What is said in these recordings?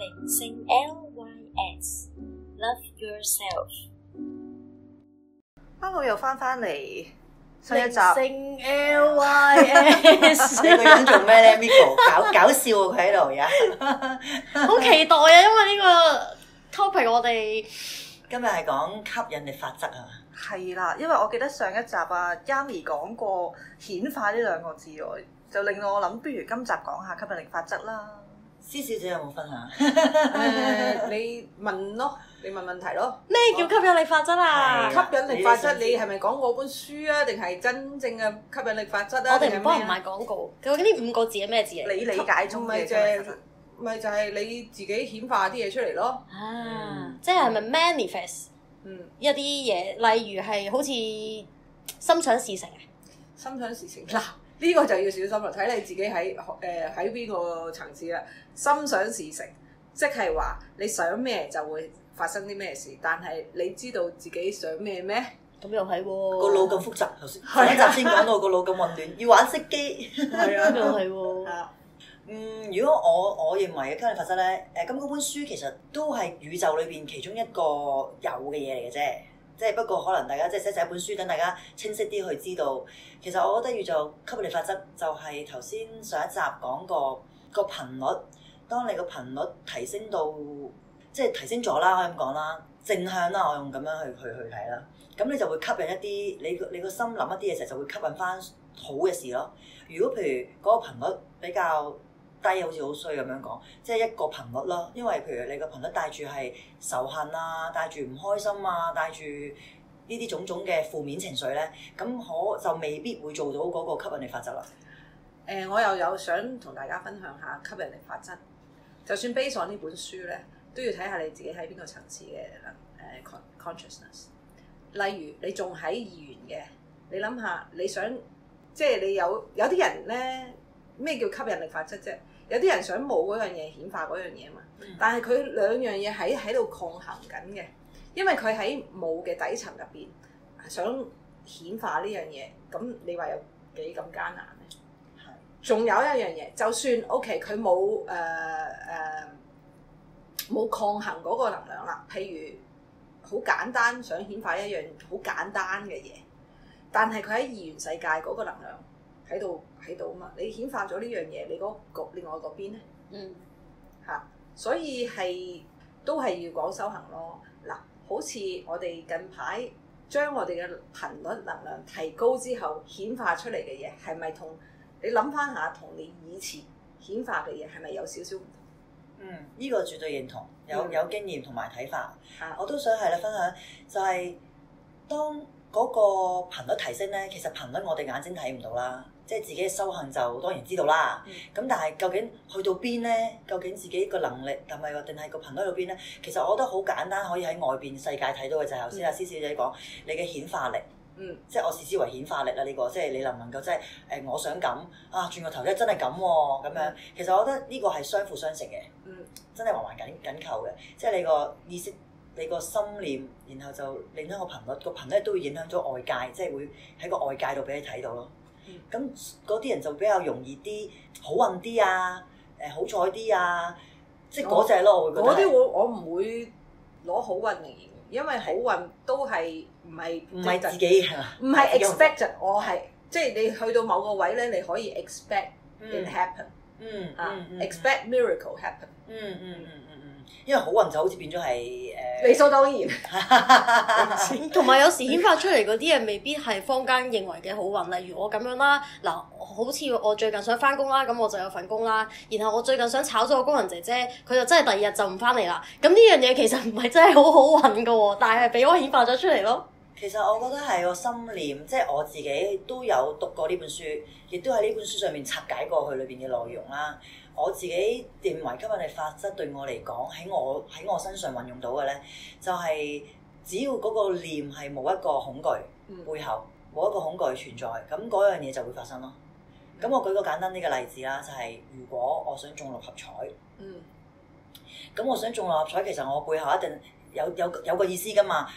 靈性 LYS，Love Yourself。Hello 又翻翻嚟，上一集。靈性 LYS，, S, S, 你個人做咩咧？Miko 搞 搞笑佢喺度呀。好 期待啊，因為呢個 topic 我哋今日係講吸引力法則啊。係啦， 因為我記得上一集啊，Yami 講過顯化呢兩個字哦、啊，就令到我諗，不如今集講下吸引力法則啦。C 小姐有冇分享？誒，你問咯，你問問題咯。咩叫吸引力法則啊？吸引力法則，你係咪講過我本書啊？定係真正嘅吸引力法則啊？我哋唔幫人賣廣告。究竟呢五個字係咩字嚟？你理解中嘅。咪就係你自己顯化啲嘢出嚟咯。啊，即係係咪 manifest？嗯，一啲嘢，例如係好似心想事成。啊，心想事成嗱。呢個就要小心啦，睇你自己喺誒喺邊個層次啦。心想事成，即係話你想咩就會發生啲咩事，但係你知道自己想咩咩？咁又係喎。個腦咁複雜，頭先集先講到 個腦咁混亂，要玩熄機，咁又係喎。 嗯，如果我我認為嘅今日發生咧，誒咁嗰本書其實都係宇宙裏邊其中一個有嘅嘢嚟嘅啫。即係不過，可能大家即係寫寫一本書，等大家清晰啲去知道。其實我覺得要做吸引力法則，就係頭先上一集講過個頻率。當你個頻率提升到，即係提升咗啦，可以咁講啦，正向啦，我用咁樣去去去睇啦。咁你就會吸引一啲你你個心諗一啲嘢時候，就會吸引翻好嘅事咯。如果譬如嗰個頻率比較，低好似好衰咁樣講，即係一個頻率啦。因為譬如你個頻率帶住係仇恨啊，帶住唔開心啊，帶住呢啲種種嘅負面情緒咧，咁我就未必會做到嗰個吸引力法則啦。誒、呃，我又有想同大家分享下吸引力法則。就算《Basic》呢本書咧，都要睇下你自己喺邊個層次嘅能誒、呃、consciousness。例如你仲喺二元嘅，你諗下你想，即係你有有啲人咧，咩叫吸引力法則啫？有啲人想冇嗰樣嘢顯化嗰樣嘢啊嘛，但係佢兩樣嘢喺喺度抗衡緊嘅，因為佢喺冇嘅底層入邊想顯化呢樣嘢，咁你話有幾咁艱難咧？係的。仲有一樣嘢，就算 OK，佢冇誒誒冇抗衡嗰個能量啦，譬如好簡單想顯化一樣好簡單嘅嘢，但係佢喺二元世界嗰個能量。喺度喺度啊嘛！你顯化咗呢樣嘢，你嗰、個另外嗰邊咧？嗯。吓、啊，所以係都係要講修行咯。嗱、啊，好似我哋近排將我哋嘅頻率能量提高之後，顯化出嚟嘅嘢，係咪同你諗翻下同你以前顯化嘅嘢係咪有少少唔同？嗯，呢、呢個絕對認同，有、嗯、有經驗同埋睇法。嚇、啊！我都想係啦，分享就係、係、當。嗰個頻率提升咧，其實頻率我哋眼睛睇唔到啦，即係自己嘅修行就當然知道啦。咁、嗯、但係究竟去到邊咧？究竟自己個能力係咪定係個頻率去到邊咧？其實我覺得好簡單，可以喺外邊世界睇到嘅就係頭先阿 C 小姐講，你嘅顯化力，嗯、即係我視之為顯化力啦。呢、呢個即係你能唔能夠即係誒我想咁啊，轉個頭咧真係咁喎咁樣。嗯、其實我覺得呢個係相輔相成嘅，嗯、真係環環緊緊扣嘅，即係你個意識。你個心念，然後就令到個頻率，個頻率都會影響咗外界，即係會喺個外界度俾你睇到咯。咁嗰啲人就比較容易啲，好運啲啊，誒好彩啲啊，即係嗰隻咯。我，我覺得啲我我唔會攞好運嚟，因為好運都係唔係唔係自己唔係 expect 我係即係你去到某個位咧，你可以 expect it happen，嗯啊、嗯嗯 uh，expect miracle happen，嗯嗯。嗯嗯 um, 因為好運就好似變咗係誒，呃、理所當然。同埋 有，有時顯化出嚟嗰啲嘢未必係坊間認為嘅好運，例如我咁樣啦，嗱，好似我最近想返工啦，咁我就有份工啦。然後我最近想炒咗個工人姐姐，佢就真係第二日就唔返嚟啦。咁呢樣嘢其實唔係真係好好運㗎喎，但係俾我顯化咗出嚟咯。其實我覺得係個心念，即、就、係、是、我自己都有讀過呢本書，亦都喺呢本書上面拆解過佢裏面嘅內容啦。我自己認為吸引力法則對我嚟講，喺我喺我身上運用到嘅咧，就係、是、只要嗰個念係冇一個恐懼，背後冇一個恐懼存在，咁嗰樣嘢就會發生咯。咁我舉個簡單啲嘅例子啦，就係、是、如果我想中六合彩，咁、嗯、我想中六合彩，其實我背後一定有有有個意思噶嘛。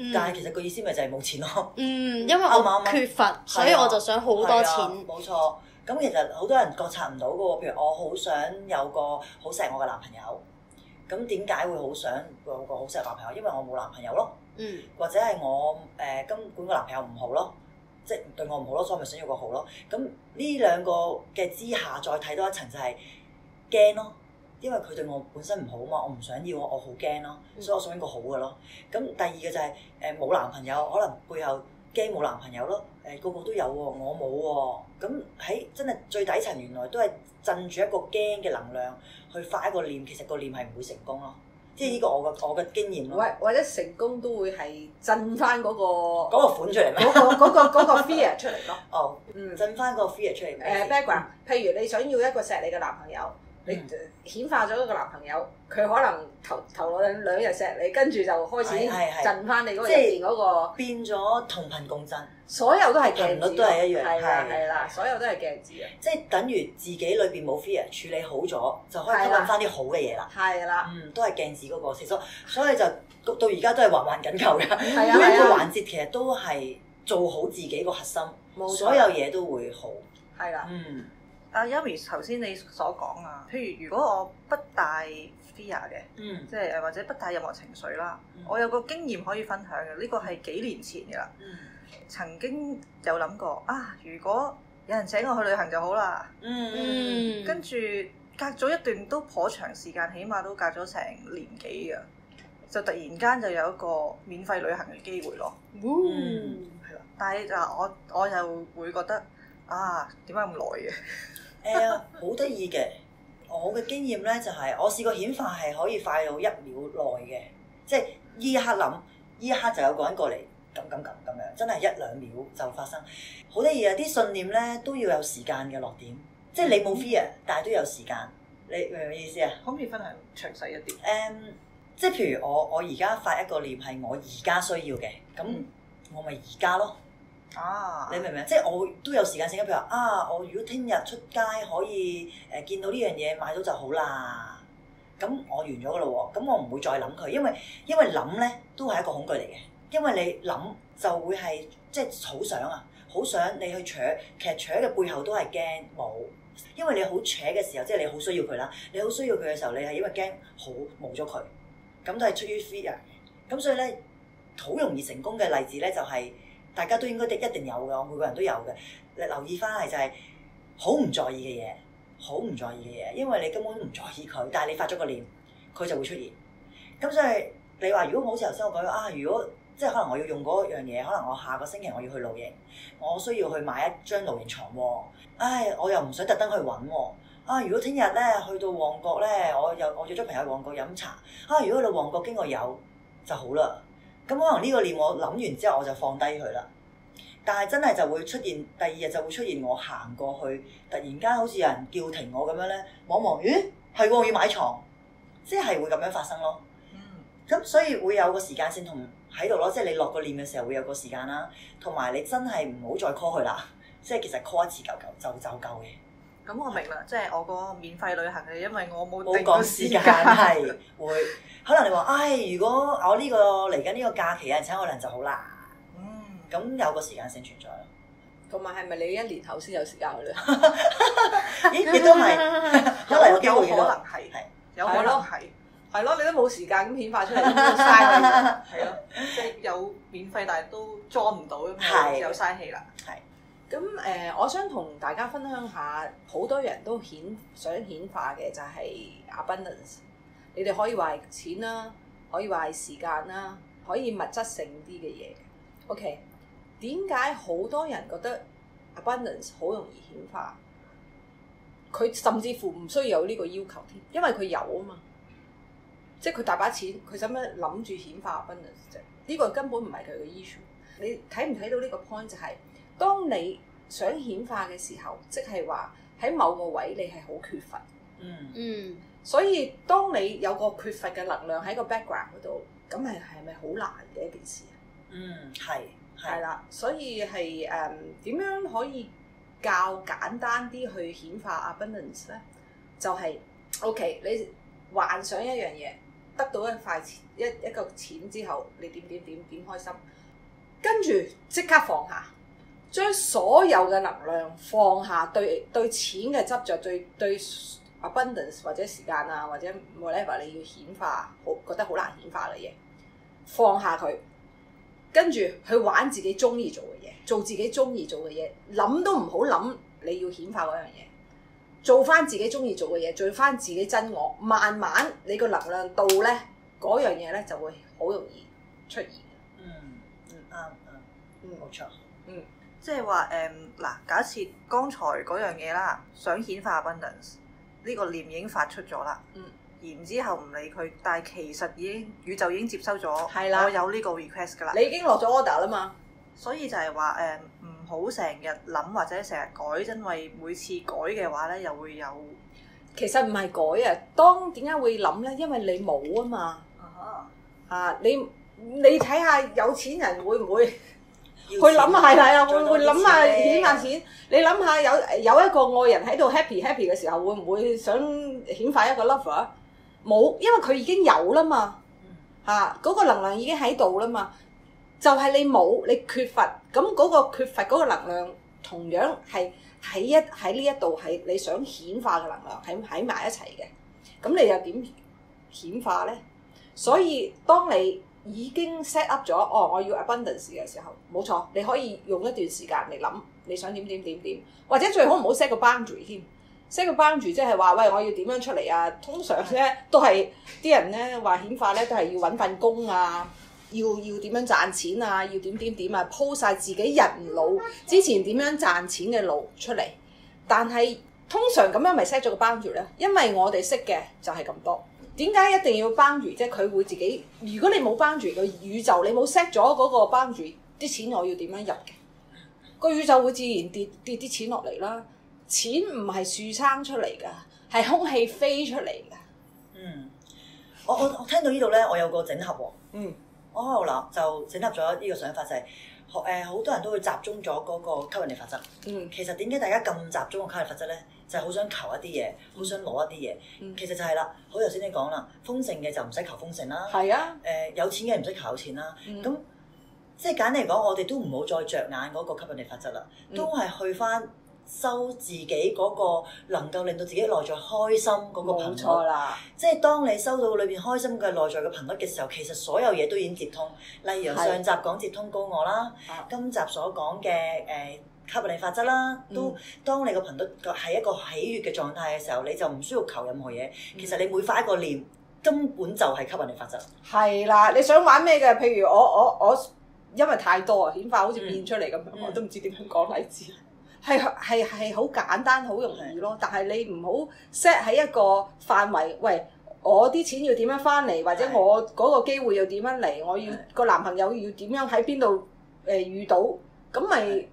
嗯、但係其實個意思咪就係冇錢咯。嗯，因為我缺乏， 嗎所以我就想好多錢、啊。冇、啊、錯。咁其實好多人覺察唔到噶喎，譬如我好想有個好錫我嘅男朋友，咁點解會好想有個好錫男朋友？因為我冇男朋友咯，嗯、或者係我誒今管根本個男朋友唔好咯，即係對我唔好咯，所以咪想要個好咯。咁呢兩個嘅之下，再睇多一層就係驚咯，因為佢對我本身唔好啊嘛，我唔想要，我好驚咯，所以我想要個好嘅咯。咁、嗯、第二個就係誒冇男朋友，可能背後。驚冇男朋友咯，誒、哎、個個都有喎，我冇喎，咁喺真係最底層原來都係震住一個驚嘅能量去發一個念，其實個念係唔會成功咯，即係呢個我嘅我嘅經驗咯。或或者成功都會係震翻嗰、那個、個款出嚟咩？嗰、那個嗰、那個那個、fear 出嚟咯。 哦，嗯、震翻個 fear 出嚟。誒 background，呃、譬如你想要一個錫你嘅男朋友。你顯化咗一個男朋友，佢可能頭頭兩兩日錫你，跟住就開始震翻你嗰即係嗰個變咗同頻共振，所有都係頻率都係一樣，係啦，所有都係鏡子，即係等於自己裏邊冇 fear，處理好咗就開始揾翻啲好嘅嘢啦，係啦，嗯，都係鏡子嗰個，所以所以就到而家都係環環緊扣嘅，每呢個環節其實都係做好自己個核心，所有嘢都會好，係啦，嗯。阿、uh, Yami 頭先你所講啊，譬如如果我不帶 fear 嘅，即係、mm. 或者不帶任何情緒啦，mm. 我有個經驗可以分享嘅，呢、呢個係幾年前嘅啦，mm. 曾經有諗過啊，如果有人請我去旅行就好啦，mm. 跟住隔咗一段都頗長時間，起碼都隔咗成年幾嘅，就突然間就有一個免費旅行嘅機會咯，係啦、mm.，但係就我我就會覺得。啊，點解咁耐嘅？誒、 呃，好得意嘅，我嘅經驗咧就係、是，我試過顯化係可以快到一秒內嘅，即係依刻諗，依刻就有個人過嚟，咁咁咁咁樣，真係一兩秒就發生。好得意啊！啲信念咧都要有時間嘅落點，即係你冇 fear 但係都有時間，你明唔明意思啊？可唔可以分享詳細一啲？誒、嗯，即係譬如我，我而家發一個念係我而家需要嘅，咁我咪而家咯。啊！你明唔明啊？即係我都有時間性，譬如話啊，我如果聽日出街可以誒、呃、見到呢樣嘢買到就好啦。咁我完咗噶咯喎，咁我唔會再諗佢，因為因為諗咧都係一個恐懼嚟嘅，因為你諗就會係即係好想啊，好想你去扯。其實扯嘅背後都係驚冇，因為你好扯嘅時候，即係你好需要佢啦。你好需要佢嘅時候，你係因為驚好冇咗佢，咁都係出於 fear。咁所以咧，好容易成功嘅例子咧就係、是。大家都應該一定有㗎，每個人都有嘅。你留意翻係就係好唔在意嘅嘢，好唔在意嘅嘢，因為你根本唔在意佢，但係你發咗個念，佢就會出現。咁所以你話如果好似頭先我講啊，如果即係可能我要用嗰樣嘢，可能我下個星期我要去露營，我需要去買一張露營床喎。唉、啊，我又唔想特登去揾喎。啊，如果聽日咧去到旺角咧，我又我約咗朋友旺角飲茶。啊，如果去到旺角經過有就好啦。咁可能呢個念我諗完之後我就放低佢啦，但係真係就會出現，第二日就會出現，我行過去，突然間好似有人叫停我咁樣咧，望望，咦係喎，我要買床，即係會咁樣發生咯。嗯。咁所以會有個時間先同喺度咯，即係你落個念嘅時候會有個時間啦，同埋你真係唔好再 call 佢啦，即係其實 call 一次夠夠就就夠嘅。咁我明啦，即係我個免費旅行嘅，因為我冇定個時間，係會可能你話，唉，如果我呢個嚟緊呢個假期嘅人請，可能就好難。嗯。咁有個時間性存在同埋係咪你一年後先有時間去？咧？咦，亦都係有有可能係，有可能係，係咯，你都冇時間咁顯化出嚟，咁就嘥啦。係咯，即係有免費，但係都裝唔到咁，有嘥氣啦。係。咁誒，我想同大家分享下，好多人都顯想顯化嘅就係 abundance。你哋可以話係錢啦，可以話係時間啦，可以物質性啲嘅嘢。OK，點解好多人覺得 abundance 好容易顯化？佢甚至乎唔需要有呢個要求添，因為佢有啊嘛。即係佢大把錢，佢使乜諗住顯化 abundance 啫？呢個根本唔係佢嘅 issue。你睇唔睇到呢個 point 就係？當你想顯化嘅時候，即係話喺某個位你係好缺乏，嗯，嗯，所以當你有個缺乏嘅能量喺個 background 嗰度，咁咪係咪好難嘅一件事啊？嗯，係，係啦，所以係誒點樣可以較簡單啲去顯化 abundance 咧？就係、是、O.K. 你幻想一樣嘢，得到一塊錢一一個錢之後，你點點點點開心，跟住即刻放下。將所有嘅能量放下，對對錢嘅執着，對對 abundance 或者時間啊，或者 whatever 你要顯化，好覺得好難顯化嘅嘢，放下佢，跟住去玩自己中意做嘅嘢，做自己中意做嘅嘢，諗都唔好諗，你要顯化嗰樣嘢，做翻自己中意做嘅嘢，做翻自己真我，慢慢你個能量到咧，嗰樣嘢咧就會好容易出現。嗯嗯啱啱嗯冇錯嗯。嗯嗯嗯嗯嗯嗯。即係話誒，嗱、嗯，假設剛才嗰樣嘢啦，想顯化 abundance 呢個念已經發出咗啦，嗯、然之後唔理佢，但係其實已經宇宙已經接收咗，的我有呢個 request 噶啦，你已經落咗 order 啦嘛，所以就係話誒，唔好成日諗或者成日改，因為每次改嘅話咧又會有，其實唔係改啊，當點解會諗咧？因為你冇啊嘛，啊,哈啊你你睇下有錢人會唔會？佢諗下係係啊，會會諗下顯化錢。你諗下有有一個愛人喺度 happy happy 嘅時候，會唔會想顯化一個 lover？冇，因為佢已經有啦嘛嚇，嗰、嗯啊嗰個能量已經喺度啦嘛。就係、是、你冇，你缺乏，咁、那、嗰個缺乏嗰個能，能量，同樣係喺一喺呢一度係你想顯化嘅能量，喺喺埋一齊嘅。咁你又點顯化咧？所以當你、嗯已經 set up 咗，哦，我要 abundance 嘅時候，冇錯，你可以用一段時間嚟諗你想點點點點，或者最好唔好 set 個 boundary 添，set 個 boundary 即係話喂，我要點樣出嚟啊？通常咧都係啲人咧話顯化咧都係要揾份工啊，要要點樣賺錢啊，要點點點啊，鋪晒自己人腦之前點樣賺錢嘅路出嚟，但係通常咁樣咪 set 咗個 boundary 咧，因為我哋識嘅就係咁多。點解一定要幫住？即係佢會自己。如果你冇幫住個宇宙，你冇 set 咗嗰個幫住啲錢，我要點樣入嘅？這個宇宙會自然跌跌啲錢落嚟啦。錢唔係樹生出嚟㗎，係空氣飛出嚟㗎。嗯，我我我聽到呢度咧，我有個整合喎、哦。嗯，我嗱就整合咗呢個想法就係、是，誒好多人都會集中咗嗰個吸引力法則。嗯，其實點解大家咁集中個吸引力法則咧？就係好想求一啲嘢，好、嗯、想攞一啲嘢。嗯、其實就係啦，好頭先你講啦，豐盛嘅就唔使求豐盛啦。係啊。誒、呃，有錢嘅唔使求有錢啦。咁即係簡單嚟講，我哋都唔好再着眼嗰個吸引力法則啦，嗯、都係去翻收自己嗰個能夠令到自己內在開心嗰個頻率。冇錯啦、嗯。即係當你收到裏邊開心嘅內在嘅頻率嘅時候，其實所有嘢都已經接通。例如上集講接通高我啦，今集所講嘅誒。呃吸引力法則啦，都當你個頻率個係一個喜悅嘅狀態嘅時候，你就唔需要求任何嘢。其實你每發一個念，根本就係吸引力法則。係啦，你想玩咩嘅？譬如我我我，因為太多顯化好似變出嚟咁樣，嗯、我都唔知點樣講例子。係係係好簡單好容易咯，的但係你唔好 set 喺一個範圍。喂，我啲錢要點樣翻嚟，或者我嗰個機會要點樣嚟？的我要個男朋友要點樣喺邊度誒遇到？咁咪、就是？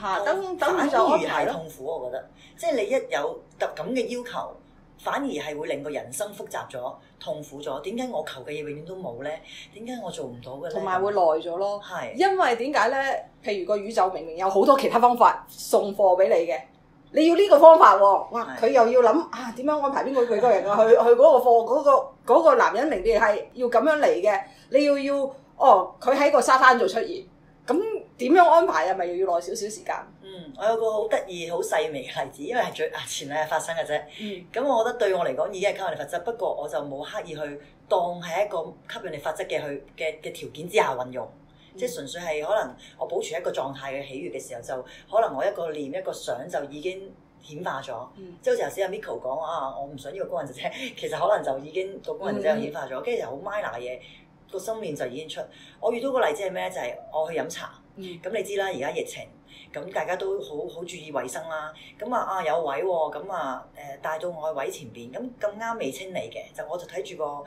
嚇！等等就可排痛苦，我覺得。即係你一有咁嘅要求，反而係會令個人生複雜咗、痛苦咗。點解我求嘅嘢永遠都冇咧？點解我做唔到嘅？同埋會耐咗咯。係是。因為點解咧？譬如個宇宙明明有好多其他方法送貨俾你嘅，你要呢個方法喎。哇！佢是又要諗啊，點樣安排呢個幾多人啊的？去去嗰個貨嗰個嗰個男人，明明係要咁樣嚟嘅。你要要哦，佢喺個沙灘度出現咁。嗯、那個那個點樣安排啊？咪又要耐少少時間？嗯，我有個好得意、好細微嘅例子，因為係最前兩日發生嘅啫。嗯。咁我覺得對我嚟講已經係吸引力法則，不過我就冇刻意去當係一個吸引力法則嘅去嘅嘅條件之下運用，嗯、即係純粹係可能我保持一個狀態嘅喜悅嘅時候，就可能我一個念一個想就已經顯化咗。即係好似頭先阿 Miko 講啊，我唔想要呢個工人仔，其實可能就已經個工人仔就顯化咗，跟住就好 minor 嘢個心面就已經出。我遇到個例子係咩就係、是、我去飲茶。咁你知啦，而家疫情，咁大家都好好注意衞生啦。咁、嗯、啊，啊有位喎，咁、嗯、啊，誒帶到我嘅位前邊。咁咁啱未清理嘅，就我就睇住個誒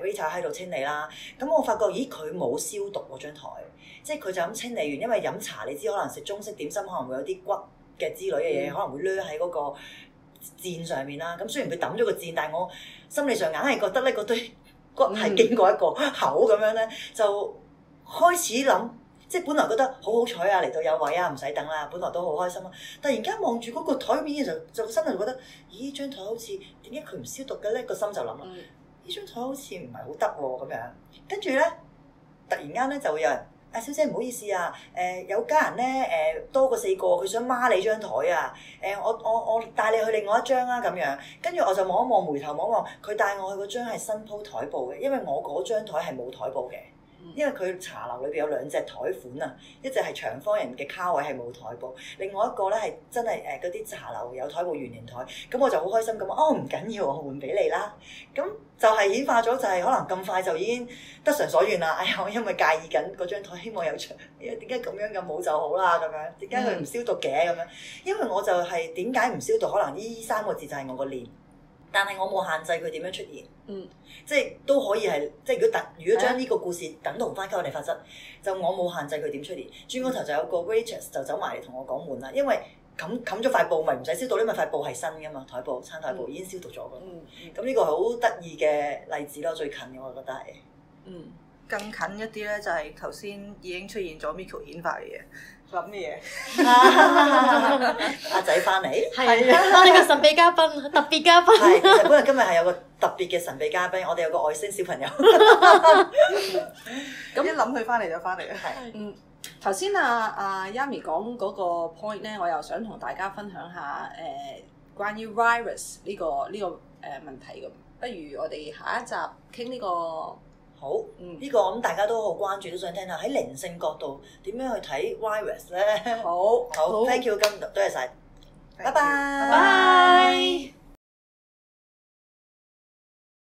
waiter 喺度清理啦。咁、嗯、我發覺，咦佢冇消毒嗰張台，即係佢就咁清理完。因為飲茶你知，可能食中式點心可能會有啲骨嘅之類嘅嘢，嗯、可能會擸喺嗰個墊上面啦。咁、嗯、雖然佢抌咗個墊，但係我心理上硬係覺得咧，嗰堆骨係經過一個口咁樣咧，就開始諗。即係本來覺得好好彩啊，嚟到有位啊，唔使等啦，本來都好開心啊。突然間望住嗰個台面嘅時候，就真係覺得，咦？張台好似點解佢唔消毒嘅咧？個心就諗、嗯、啊，呢張台好似唔係好得喎咁樣。跟住咧，突然間咧就會有人，阿、啊、小姐唔好意思啊，誒、呃、有家人咧誒、呃、多過四個，佢想孖你張台啊。誒、呃、我我我帶你去另外一張啦、啊、咁樣。跟住我就望一望，回頭望望，佢帶我去嗰張係新鋪台布嘅，因為我嗰張台係冇台布嘅。因為佢茶樓裏邊有兩隻台款啊，一隻係長方形嘅卡位係冇台布，另外一個咧係真係誒嗰啲茶樓有台布圓形台，咁我就好開心咁哦，唔緊要，我換俾你啦。咁就係顯化咗，就係可能咁快就已經得償所願啦。哎呀，我因為介意緊嗰張台，希望有長，因為點解咁樣嘅冇就好啦咁樣，點解佢唔消毒嘅咁樣？因為我就係點解唔消毒，可能呢三個字就係我個念。但係我冇限制佢點樣出現，嗯、即係都可以係即係如果如果將呢個故事等同翻給我哋發生，嗯、就我冇限制佢點出現。轉嗰、嗯、頭就有個 waitress 就走埋嚟同我講悶啦，因為冚冚咗塊布咪唔使消毒，因為塊布係新噶嘛，台布、餐台布、嗯、已經消毒咗嘅。咁呢、嗯、個好得意嘅例子咯，最近嘅我覺得係。嗯，更近一啲咧就係頭先已經出現咗 Miko 顯化嘅嘢。諗咩嘢，阿仔翻嚟，係啊， 你個神秘嘉賓，特別嘉賓，係， 本來今日係有個特別嘅神秘嘉賓，我哋有個外星小朋友。咁 那一諗佢翻嚟就翻嚟啦，係。的嗯，頭先啊阿 Yami 講嗰個 point 咧，我又想同大家分享下誒、呃、關於 virus 呢、這個呢、這個誒、這個呃、問題咁，不如我哋下一集傾呢、這個。好，呢、嗯、個我諗大家都好關注，都想聽下喺靈性角度點樣去睇 virus 咧。好，好，好，thank you 今日多謝晒，拜拜。